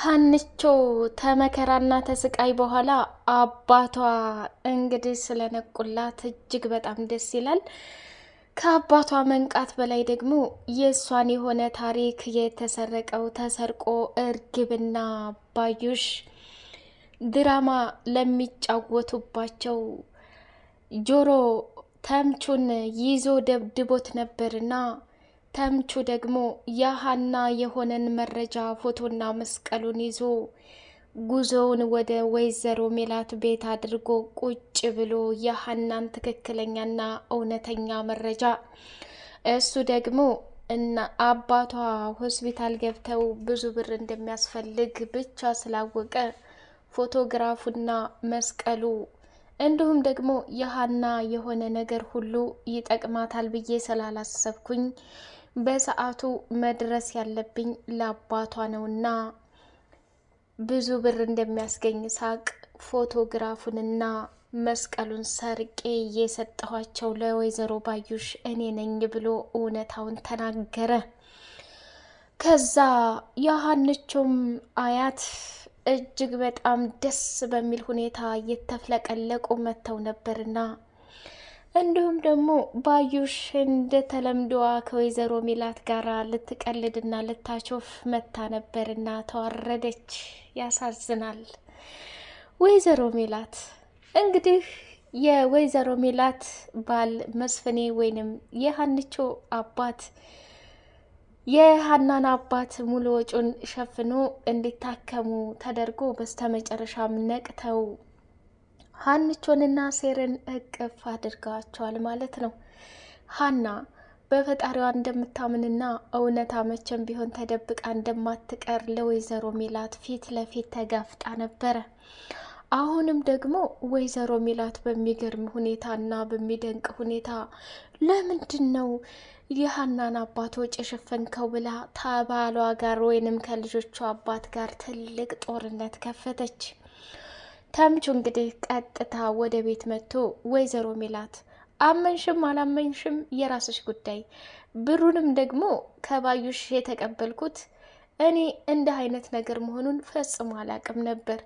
ሀንቾ ተመከራና ተስቃይ በኋላ አባቷ እንግዲህ ስለነቁላት እጅግ በጣም ደስ ይላል። ከአባቷ መንቃት በላይ ደግሞ የእሷን የሆነ ታሪክ የተሰረቀው ተሰርቆ እርግብና ባዩሽ ድራማ ለሚጫወቱባቸው ጆሮ ተምቹን ይዞ ደብድቦት ነበርና ተምቹ ደግሞ ያሀና የሆነን መረጃ ፎቶና መስቀሉን ይዞ ጉዞውን ወደ ወይዘሮ ሜላት ቤት አድርጎ ቁጭ ብሎ ያሀናን ትክክለኛና እውነተኛ መረጃ እሱ ደግሞ እና አባቷ ሆስፒታል ገብተው ብዙ ብር እንደሚያስፈልግ ብቻ ስላወቀ ፎቶግራፉና መስቀሉ እንዲሁም ደግሞ የሀና የሆነ ነገር ሁሉ ይጠቅማታል ብዬ ስላላሰብኩኝ በሰዓቱ መድረስ ያለብኝ ለአባቷ ነውና ብዙ ብር እንደሚያስገኝ ሳቅ ፎቶግራፉንና መስቀሉን ሰርቄ እየሰጠኋቸው ለወይዘሮ ባዩሽ እኔ ነኝ ብሎ እውነታውን ተናገረ። ከዛ የሀንቹም አያት እጅግ በጣም ደስ በሚል ሁኔታ እየተፍለቀለቁ መጥተው ነበርና እንዲሁም ደግሞ ባዩሽ እንደተለምዶዋ ከወይዘሮ ሚላት ጋር ልትቀልድና ልታቾፍ መታ ነበርና ተዋረደች። ያሳዝናል። ወይዘሮ ሚላት እንግዲህ የወይዘሮ ሚላት ባል መስፍኔ ወይንም የሀንቾ አባት የሀናን አባት ሙሉ ወጪውን ሸፍኖ እንዲታከሙ ተደርጎ በስተመጨረሻም ነቅተው ሀንቾንና ሴርን እቅፍ አድርገዋቸዋል ማለት ነው። ሀና በፈጣሪዋ እንደምታምንና እውነታ መቼም ቢሆን ተደብቃ እንደማትቀር ለወይዘሮ ሚላት ፊት ለፊት ተጋፍጣ ነበረ። አሁንም ደግሞ ወይዘሮ ሚላት በሚገርም ሁኔታና በሚደንቅ ሁኔታ ለምንድን ነው የሀናን አባት ወጪ የሸፈንከው ብላ ከባሏ ጋር ወይንም ከልጆቹ አባት ጋር ትልቅ ጦርነት ከፈተች። ተምቹ እንግዲህ ቀጥታ ወደ ቤት መጥቶ ወይዘሮ ሜላት አመንሽም አላመንሽም የራስሽ ጉዳይ፣ ብሩንም ደግሞ ከባዩሽ የተቀበልኩት እኔ እንዲህ አይነት ነገር መሆኑን ፈጽሞ አላቅም ነበር።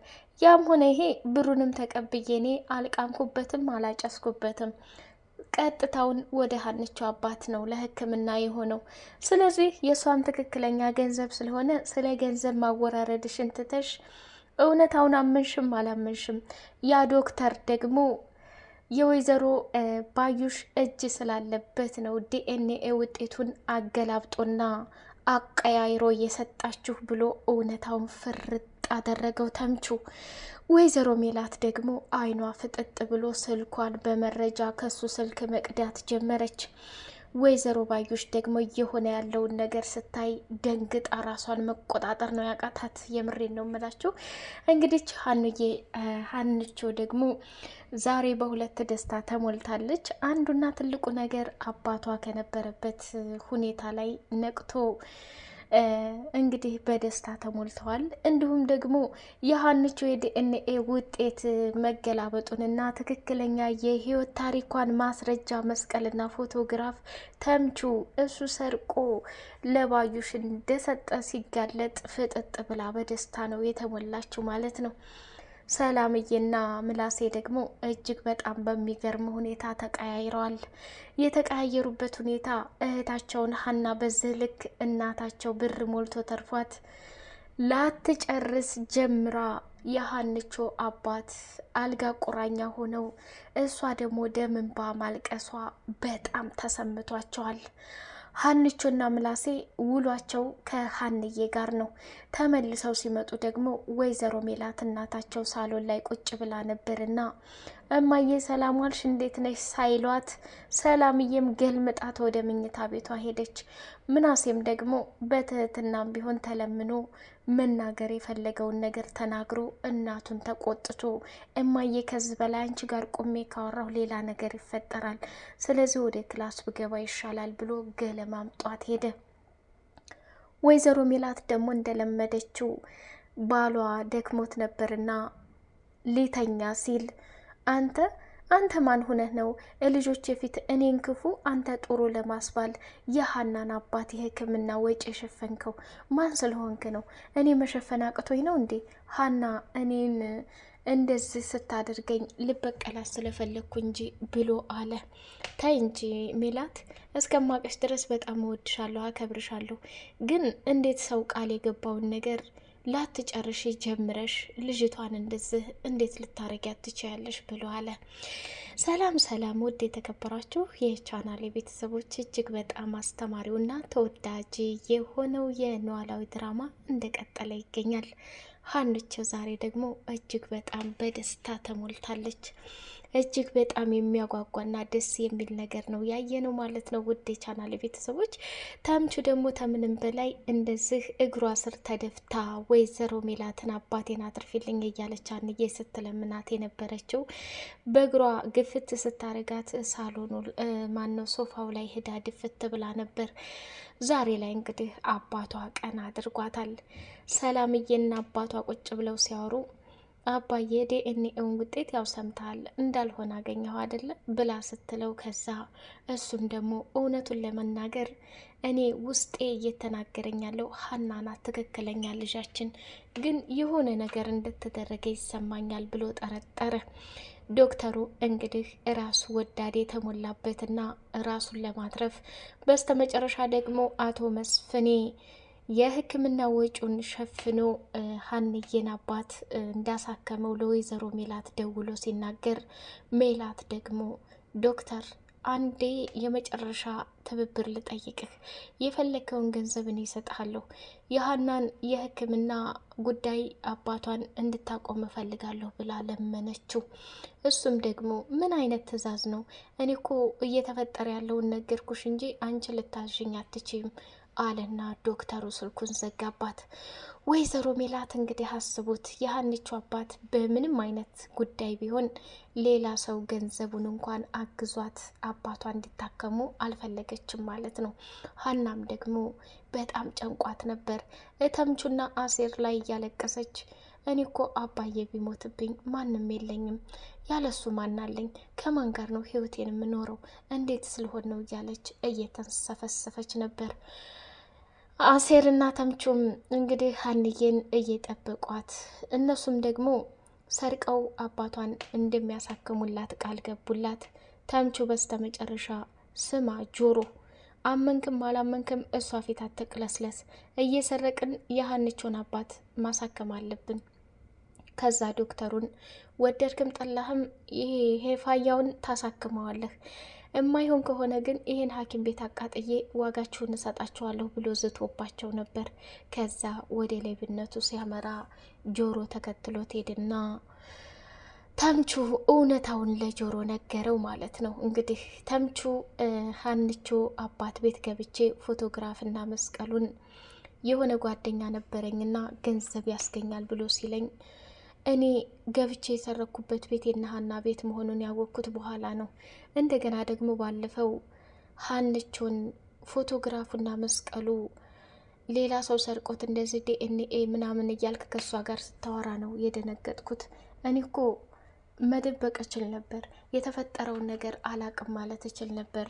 ያም ሆነ ይሄ ብሩንም ተቀብዬ እኔ አልቃምኩበትም አላጨስኩበትም። ቀጥታውን ወደ ሀንቸው አባት ነው ለሕክምና የሆነው። ስለዚህ የእሷም ትክክለኛ ገንዘብ ስለሆነ ስለ ገንዘብ ማወራረድሽን ትተሽ እውነታውን አመንሽም አላመንሽም ያ ዶክተር ደግሞ የወይዘሮ ባዩሽ እጅ ስላለበት ነው ዲኤንኤ ውጤቱን አገላብጦና አቀያይሮ እየሰጣችሁ ብሎ እውነታውን ፍርጥ አደረገው ተምቹ። ወይዘሮ ሜላት ደግሞ አይኗ ፍጥጥ ብሎ ስልኳን በመረጃ ከሱ ስልክ መቅዳት ጀመረች። ወይዘሮ ባዮች ደግሞ እየሆነ ያለውን ነገር ስታይ ደንግጣ ራሷን መቆጣጠር ነው ያቃታት። የምሬን ነው የምላችሁ። እንግዲህ ሀኑዬ ሀንቾ ደግሞ ዛሬ በሁለት ደስታ ተሞልታለች። አንዱና ትልቁ ነገር አባቷ ከነበረበት ሁኔታ ላይ ነቅቶ እንግዲህ በደስታ ተሞልተዋል። እንዲሁም ደግሞ የሀንቾ የዲኤንኤ ውጤት መገላበጡንና ትክክለኛ የህይወት ታሪኳን ማስረጃ መስቀልና ፎቶግራፍ ተምቹ እሱ ሰርቆ ለባዩሽ እንደሰጠ ሲጋለጥ ፍጥጥ ብላ በደስታ ነው የተሞላችው ማለት ነው። ሰላምዬና ምላሴ ደግሞ እጅግ በጣም በሚገርም ሁኔታ ተቀያይረዋል። የተቀያየሩበት ሁኔታ እህታቸውን ሀና በዚህ ልክ እናታቸው ብር ሞልቶ ተርፏት ላትጨርስ ጀምራ የሀንቾ አባት አልጋ ቁራኛ ሆነው እሷ ደግሞ ደምንባ ማልቀሷ በጣም ተሰምቷቸዋል። ሀንቾና ምላሴ ውሏቸው ከሀንዬ ጋር ነው። ተመልሰው ሲመጡ ደግሞ ወይዘሮ ሜላት እናታቸው ሳሎን ላይ ቁጭ ብላ ነበርና እማዬ ሰላም ዋልሽ እንዴት ነሽ ሳይሏት ሰላምዬም ገልምጣት ወደ መኝታ ቤቷ ሄደች። ምናሴም ደግሞ በትህትናም ቢሆን ተለምኖ መናገር የፈለገውን ነገር ተናግሮ እናቱን ተቆጥቶ እማዬ ከዚህ በላይ አንቺ ጋር ቆሜ ካወራሁ ሌላ ነገር ይፈጠራል፣ ስለዚህ ወደ ክላስ ብገባ ይሻላል ብሎ ገለማምጧት ሄደ። ወይዘሮ ሜላት ደግሞ እንደለመደችው ባሏ ደክሞት ነበርና ሊተኛ ሲል አንተ አንተ ማን ሁነህ ነው ልጆች የፊት እኔን ክፉ አንተ ጥሩ ለማስባል የሀናን አባት የህክምና ወጪ የሸፈንከው ማን ስለሆንክ ነው? እኔ መሸፈን አቅቶኝ ነው እንዴ? ሀና እኔን እንደዚህ ስታደርገኝ ልበቀላት ስለፈለግኩ እንጂ ብሎ አለ። ታይ እንጂ ሜላት፣ እስከማቀሽ ድረስ በጣም እወድሻለሁ፣ አከብርሻለሁ። ግን እንዴት ሰው ቃል የገባውን ነገር ላትጨርሽ ጀምረሽ ልጅቷን እንደዚህ እንዴት ልታረጊያት ትችያለሽ? ብሎ አለ። ሰላም ሰላም፣ ውድ የተከበራችሁ የቻናል ቤተሰቦች እጅግ በጣም አስተማሪውና ተወዳጅ የሆነው የኖላዊ ድራማ እንደቀጠለ ይገኛል። ሀንቾ ዛሬ ደግሞ እጅግ በጣም በደስታ ተሞልታለች። እጅግ በጣም የሚያጓጓና ደስ የሚል ነገር ነው ያየነው ማለት ነው። ውድ የቻናል ቤተሰቦች ታምቹ ደግሞ ተምንም በላይ እንደዚህ እግሯ ስር ተደፍታ ወይዘሮ ሜላትን አባቴን አትርፊልኝ እያለች አንዬ ስትለምናት የነበረችው በእግሯ ግፍት ስታረጋት ሳሎኑ ማነው ሶፋው ላይ ሄዳ ድፍት ብላ ነበር። ዛሬ ላይ እንግዲህ አባቷ ቀና አድርጓታል። ሰላምዬና አባቷ ቁጭ ብለው ሲያወሩ አባዬ ዲኤንኤውን ውጤት ያው ሰምተሃል እንዳልሆነ አገኘኸው አይደለ ብላ ስትለው፣ ከዛ እሱም ደግሞ እውነቱን ለመናገር እኔ ውስጤ እየተናገረኝ ያለው ሀና ናት ትክክለኛ ልጃችን፣ ግን የሆነ ነገር እንደተደረገ ይሰማኛል ብሎ ጠረጠረ። ዶክተሩ እንግዲህ ራሱ ወዳድ የተሞላበትና ራሱን ለማትረፍ በስተመጨረሻ ደግሞ አቶ መስፍኔ የሕክምና ወጪውን ሸፍኖ ሀንዬን አባት እንዳሳከመው ለወይዘሮ ሜላት ደውሎ ሲናገር ሜላት ደግሞ ዶክተር አንዴ የመጨረሻ ትብብር ልጠይቅህ፣ የፈለከውን ገንዘብ እኔ እሰጥሃለሁ። የሀናን የህክምና ጉዳይ አባቷን እንድታቆም እፈልጋለሁ ብላ ለመነችው። እሱም ደግሞ ምን አይነት ትዕዛዝ ነው? እኔ እኮ እየተፈጠረ ያለውን ነገርኩሽ እንጂ አንቺ ልታዥኝ አትችይም። አለና ዶክተሩ ስልኩን ዘጋባት። ወይዘሮ ሜላት እንግዲህ አስቡት የሀንቹ አባት በምንም አይነት ጉዳይ ቢሆን ሌላ ሰው ገንዘቡን እንኳን አግዟት አባቷ እንዲታከሙ አልፈለገችም ማለት ነው። ሀናም ደግሞ በጣም ጨንቋት ነበር። እተምቹና አሴር ላይ እያለቀሰች እኔ እኮ አባዬ ቢሞትብኝ ማንም የለኝም፣ ያለሱ ማናለኝ? ከማን ጋር ነው ህይወቴን የምኖረው? እንዴት ስለሆን ነው እያለች እየተንሰፈሰፈች ነበር። አሴርና ተምቹም እንግዲህ ሀንዬን እየጠበቋት እነሱም ደግሞ ሰርቀው አባቷን እንደሚያሳክሙላት ቃል ገቡላት። ተምቹ በስተ መጨረሻ ስማ ጆሮ፣ አመንክም አላመንክም እሷ ፊት አትቅለስለስ፣ እየሰረቅን የሀንቾን አባት ማሳከም አለብን። ከዛ ዶክተሩን ወደድክም ጠላህም ይሄ ፋያውን ታሳክመዋለህ የማይሆን ከሆነ ግን ይሄን ሐኪም ቤት አቃጥዬ ዋጋችሁን እሰጣችኋለሁ ብሎ ዝቶባቸው ነበር። ከዛ ወደ ሌብነቱ ሲያመራ ጆሮ ተከትሎት ሄድና ተምቹ እውነታውን ለጆሮ ነገረው ማለት ነው። እንግዲህ ተምቹ ሀንቾ አባት ቤት ገብቼ ፎቶግራፍና መስቀሉን የሆነ ጓደኛ ነበረኝና ገንዘብ ያስገኛል ብሎ ሲለኝ እኔ ገብቼ የሰረኩበት ቤት የእነ ሀና ቤት መሆኑን ያወቅኩት በኋላ ነው። እንደገና ደግሞ ባለፈው ሀንቾን ፎቶግራፉና መስቀሉ ሌላ ሰው ሰርቆት እንደዚህ ዲኤንኤ ምናምን እያልክ ከእሷ ጋር ስታወራ ነው የደነገጥኩት። እኔ እኮ መደበቅ እችል ነበር፣ የተፈጠረውን ነገር አላቅም ማለት እችል ነበር።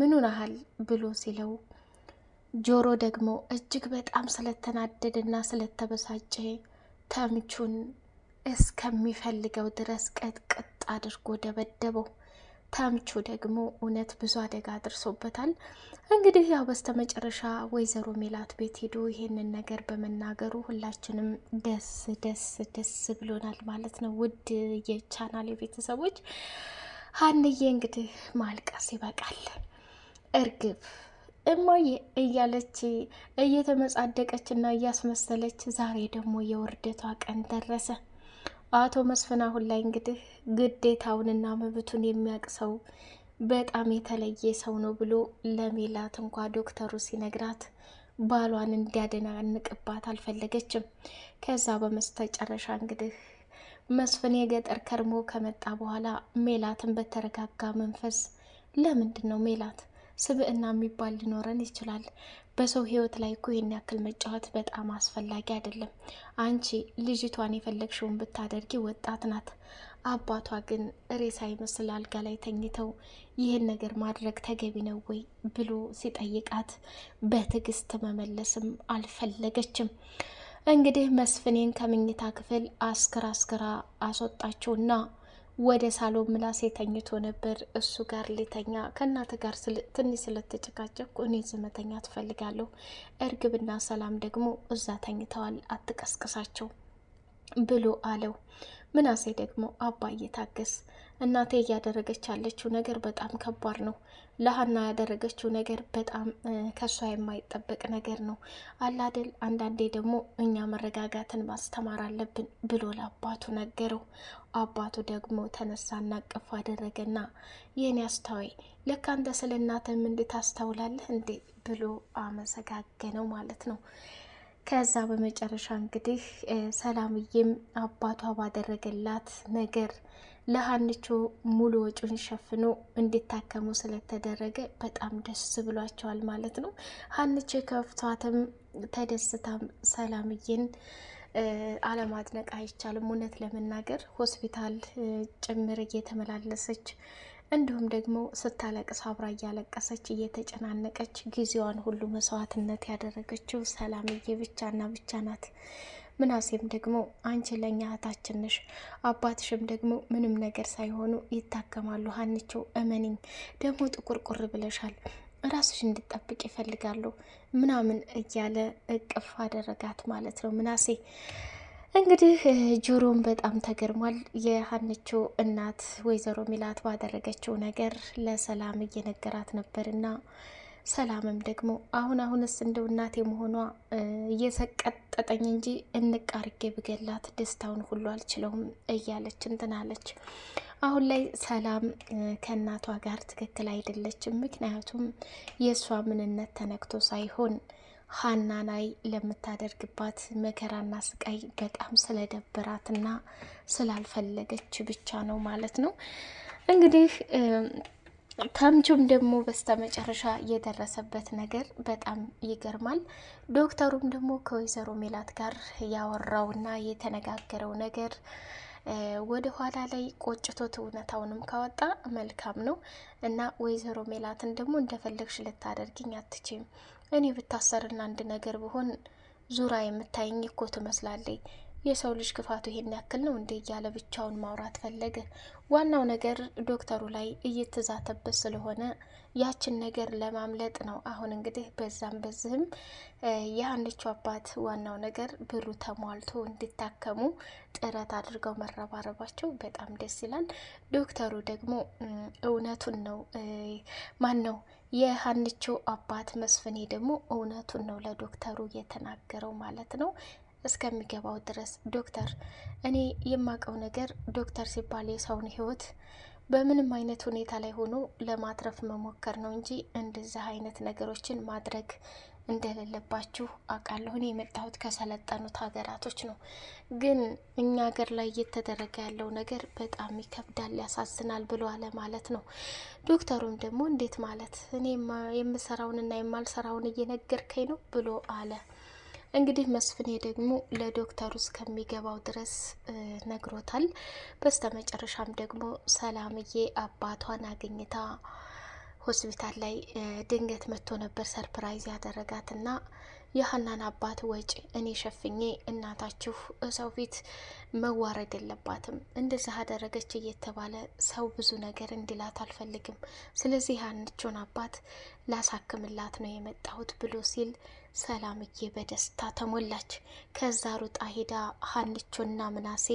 ምኑን ያህል ብሎ ሲለው ጆሮ ደግሞ እጅግ በጣም ስለተናደደና ስለተበሳጨ ተምቹን እስከሚፈልገው ድረስ ቀጥቀጥ አድርጎ ደበደበው። ተምቹ ደግሞ እውነት ብዙ አደጋ አድርሶበታል። እንግዲህ ያው በስተመጨረሻ ወይዘሮ ሜላት ቤት ሄዶ ይሄንን ነገር በመናገሩ ሁላችንም ደስ ደስ ደስ ብሎናል ማለት ነው። ውድ የቻናል የቤተሰቦች ሀንዬ እንግዲህ ማልቀስ ይበቃል። እርግብ እማዬ እያለች እየተመጻደቀች እና እያስመሰለች ዛሬ ደግሞ የውርደቷ ቀን ደረሰ። አቶ መስፍን አሁን ላይ እንግዲህ ግዴታውንና መብቱን የሚያውቅ ሰው በጣም የተለየ ሰው ነው ብሎ ለሜላት እንኳ ዶክተሩ ሲነግራት ባሏን እንዲያደናንቅባት አልፈለገችም። ከዛ በመስተጨረሻ እንግዲህ መስፍን የገጠር ከርሞ ከመጣ በኋላ ሜላትን በተረጋጋ መንፈስ ለምንድን ነው ሜላት ስብዕና የሚባል ሊኖረን ይችላል። በሰው ህይወት ላይ እኮ ይህን ያክል መጫወት በጣም አስፈላጊ አይደለም። አንቺ ልጅቷን የፈለግሽውን ብታደርጊ ወጣት ናት። አባቷ ግን ሬሳ ይመስል አልጋ ላይ ተኝተው ይህን ነገር ማድረግ ተገቢ ነው ወይ ብሎ ሲጠይቃት በትዕግስት መመለስም አልፈለገችም። እንግዲህ መስፍኔን ከምኝታ ክፍል አስክራ አስክራ አስወጣችውና ወደ ሳሎን ምላሴ ተኝቶ ነበር። እሱ ጋር ልተኛ ከእናት ጋር ትንሽ ስለተጨቃጨቅኩ እኔ ዝመተኛ ትፈልጋለሁ። እርግብና ሰላም ደግሞ እዛ ተኝተዋል፣ አትቀስቅሳቸው ብሎ አለው። ምናሴ ደግሞ አባዬ ታገስ፣ እናቴ እያደረገች ያለችው ነገር በጣም ከባድ ነው። ለሀና ያደረገችው ነገር በጣም ከሷ የማይጠበቅ ነገር ነው አላደል። አንዳንዴ ደግሞ እኛ መረጋጋትን ማስተማር አለብን ብሎ ለአባቱ ነገረው። አባቱ ደግሞ ተነሳና አቅፍ አደረገና የኔ አስተዋይ ለካ አንተ ስለ እናትም እንዴት ታስታውላለህ እንዴ ብሎ አመሰጋገነው ማለት ነው። ከዛ በመጨረሻ እንግዲህ ሰላምዬም አባቷ ባደረገላት ነገር ለሀንቾ ሙሉ ወጪውን ሸፍኖ እንዲታከሙ ስለተደረገ በጣም ደስ ብሏቸዋል ማለት ነው። ሀንቾ ከፍቷትም ተደስታም ሰላምዬን አለማድነቅ አይቻልም። እውነት ለመናገር ሆስፒታል ጭምር እየተመላለሰች እንዲሁም ደግሞ ስታለቅስ አብራ እያለቀሰች እየተጨናነቀች ጊዜዋን ሁሉ መስዋዕትነት ያደረገችው ሰላምዬ ብቻና ብቻ ናት። ምናሴም ደግሞ አንቺ ለእኛ እህታችን ነሽ፣ አባትሽም ደግሞ ምንም ነገር ሳይሆኑ ይታከማሉ። ሀንቾ እመኒኝ ደግሞ ጥቁር ቁር ብለሻል። ራስሽ እንድጠብቅ ይፈልጋሉ ምናምን እያለ እቅፍ አደረጋት ማለት ነው ምናሴ። እንግዲህ ጆሮም በጣም ተገርሟል። የሀንቾ እናት ወይዘሮ ሚላት ባደረገችው ነገር ለሰላም እየነገራት ነበርና ሰላምም ደግሞ አሁን አሁንስ እንደው እናቴ መሆኗ እየሰቀጠጠኝ እንጂ እንቃርጌ ብገላት ደስታውን ሁሉ አልችለውም እያለች እንትናለች። አሁን ላይ ሰላም ከእናቷ ጋር ትክክል አይደለችም። ምክንያቱም የእሷ ምንነት ተነክቶ ሳይሆን ሀና ላይ ለምታደርግባት መከራና ስቃይ በጣም ስለደበራትና ስላልፈለገች ብቻ ነው ማለት ነው እንግዲህ ተምቹም ደግሞ በስተመጨረሻ የደረሰበት ነገር በጣም ይገርማል። ዶክተሩም ደግሞ ከወይዘሮ ሜላት ጋር ያወራውና የተነጋገረው ነገር ወደ ኋላ ላይ ቆጭቶት እውነታውንም ካወጣ መልካም ነው እና ወይዘሮ ሜላትን ደግሞ እንደፈለግሽ ልታደርግኝ አትችም። እኔ ብታሰርና አንድ ነገር ብሆን ዙራ የምታይኝ እኮ ትመስላለኝ። የሰው ልጅ ክፋቱ ይሄን ያክል ነው እንዴ? እያለ ብቻውን ማውራት ፈለገ። ዋናው ነገር ዶክተሩ ላይ እየተዛተበት ስለሆነ ያችን ነገር ለማምለጥ ነው። አሁን እንግዲህ በዛም በዚህም የአንድቹ አባት ዋናው ነገር ብሩ ተሟልቶ እንዲታከሙ ጥረት አድርገው መረባረባቸው በጣም ደስ ይላል። ዶክተሩ ደግሞ እውነቱን ነው። ማን ነው የሀንቾ አባት መስፍኔ ደግሞ እውነቱን ነው ለዶክተሩ የተናገረው ማለት ነው። እስከሚገባው ድረስ ዶክተር እኔ የማውቀው ነገር ዶክተር ሲባል የሰውን ህይወት በምንም አይነት ሁኔታ ላይ ሆኖ ለማትረፍ መሞከር ነው እንጂ እንደዚህ አይነት ነገሮችን ማድረግ እንደሌለባችሁ አውቃለሁ። እኔ የመጣሁት ከሰለጠኑት ሀገራቶች ነው። ግን እኛ ሀገር ላይ እየተደረገ ያለው ነገር በጣም ይከብዳል፣ ያሳዝናል ብሎ አለ ማለት ነው። ዶክተሩም ደግሞ እንዴት ማለት እኔ የምሰራውንና የማልሰራውን እየነገርከኝ ነው ብሎ አለ። እንግዲህ መስፍኔ ደግሞ ለዶክተሩ እስከሚገባው ድረስ ነግሮታል። በስተ መጨረሻም ደግሞ ሰላምዬ አባቷን አግኝታ ሆስፒታል ላይ ድንገት መጥቶ ነበር ሰርፕራይዝ ያደረጋትና የሀናን አባት ወጪ እኔ ሸፍኜ እናታችሁ ሰው ፊት መዋረድ የለባትም እንደዚህ አደረገች እየተባለ ሰው ብዙ ነገር እንዲላት አልፈልግም። ስለዚህ ያንችን አባት ላሳክምላት ነው የመጣሁት ብሎ ሲል ሰላምዬ በደስታ ተሞላች። ከዛ ሩጣ ሄዳ ሀንቾና ምናሴ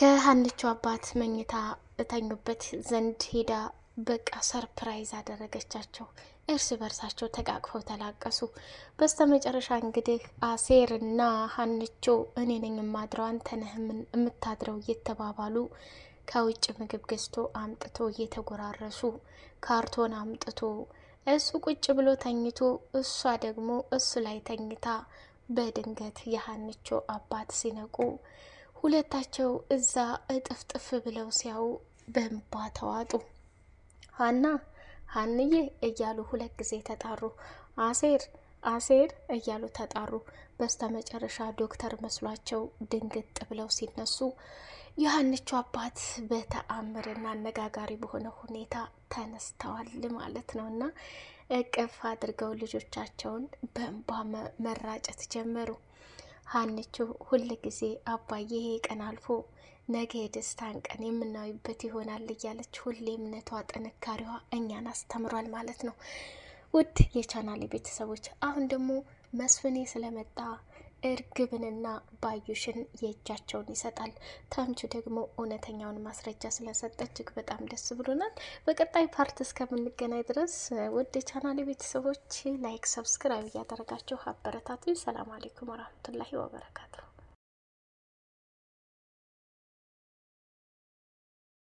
ከሀንቾ አባት መኝታ እተኙበት ዘንድ ሄዳ በቃ ሰርፕራይዝ አደረገቻቸው። እርስ በርሳቸው ተቃቅፈው ተላቀሱ። በስተ መጨረሻ እንግዲህ አሴርና ሀንቾ እኔ ነኝ የማድረው አንተ ነህ የምታድረው እየተባባሉ ከውጭ ምግብ ገዝቶ አምጥቶ እየተጎራረሱ ካርቶን አምጥቶ እሱ ቁጭ ብሎ ተኝቶ እሷ ደግሞ እሱ ላይ ተኝታ በድንገት የሀንቾ አባት ሲነቁ ሁለታቸው እዛ እጥፍጥፍ ብለው ሲያዩ በእንባ ተዋጡ። ሀና ሀንዬ እያሉ ሁለት ጊዜ ተጣሩ። አሴር አሴር እያሉ ተጣሩ። በስተመጨረሻ ዶክተር መስሏቸው ድንግጥ ብለው ሲነሱ ዮሐንቹ አባት እና አነጋጋሪ በሆነ ሁኔታ ተነስተዋል ማለት ነው እና እቅፍ አድርገው ልጆቻቸውን በእንባ መራጨት ጀመሩ። ሀንቹ ሁል ጊዜ አባዬ ይሄ ቀን አልፎ ነገ የደስታን ቀን የምናዩበት ይሆናል እያለች ሁሌ እምነቷ፣ ጥንካሬዋ እኛን አስተምሯል ማለት ነው። ውድ የቻናሌ ቤተሰቦች አሁን ደግሞ መስፍኔ ስለመጣ እርግብንና ባዩሽን የእጃቸውን ይሰጣል። ታምቹ ደግሞ እውነተኛውን ማስረጃ ስለሰጠ እጅግ በጣም ደስ ብሎናል። በቀጣይ ፓርት እስከምንገናኝ ድረስ ውድ ቻናል ቤተሰቦች ላይክ፣ ሰብስክራይብ እያደረጋችሁ አበረታቱ። ሰላም አሌይኩም ወራህመቱላሂ ወበረካቱ።